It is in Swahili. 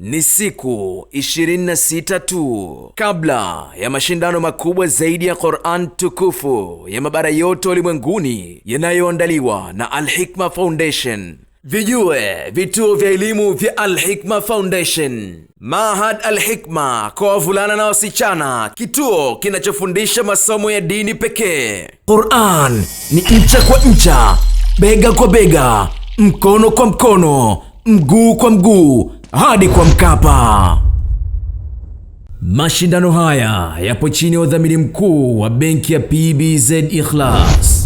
Ni siku 26 tu kabla ya mashindano makubwa zaidi ya Quran tukufu ya mabara yote ulimwenguni yanayoandaliwa na Al Hikma Foundation. Vijue vituo vya elimu vya Al Hikma Foundation, Mahad Al Hikma kwa wavulana na wasichana, kituo kinachofundisha masomo ya dini pekee. Quran ni ncha kwa ncha, bega kwa bega, mkono kwa mkono, mguu kwa mguu hadi kwa Mkapa. Mashindano haya yapo chini ya udhamini mkuu wa benki ya PBZ Ikhlas.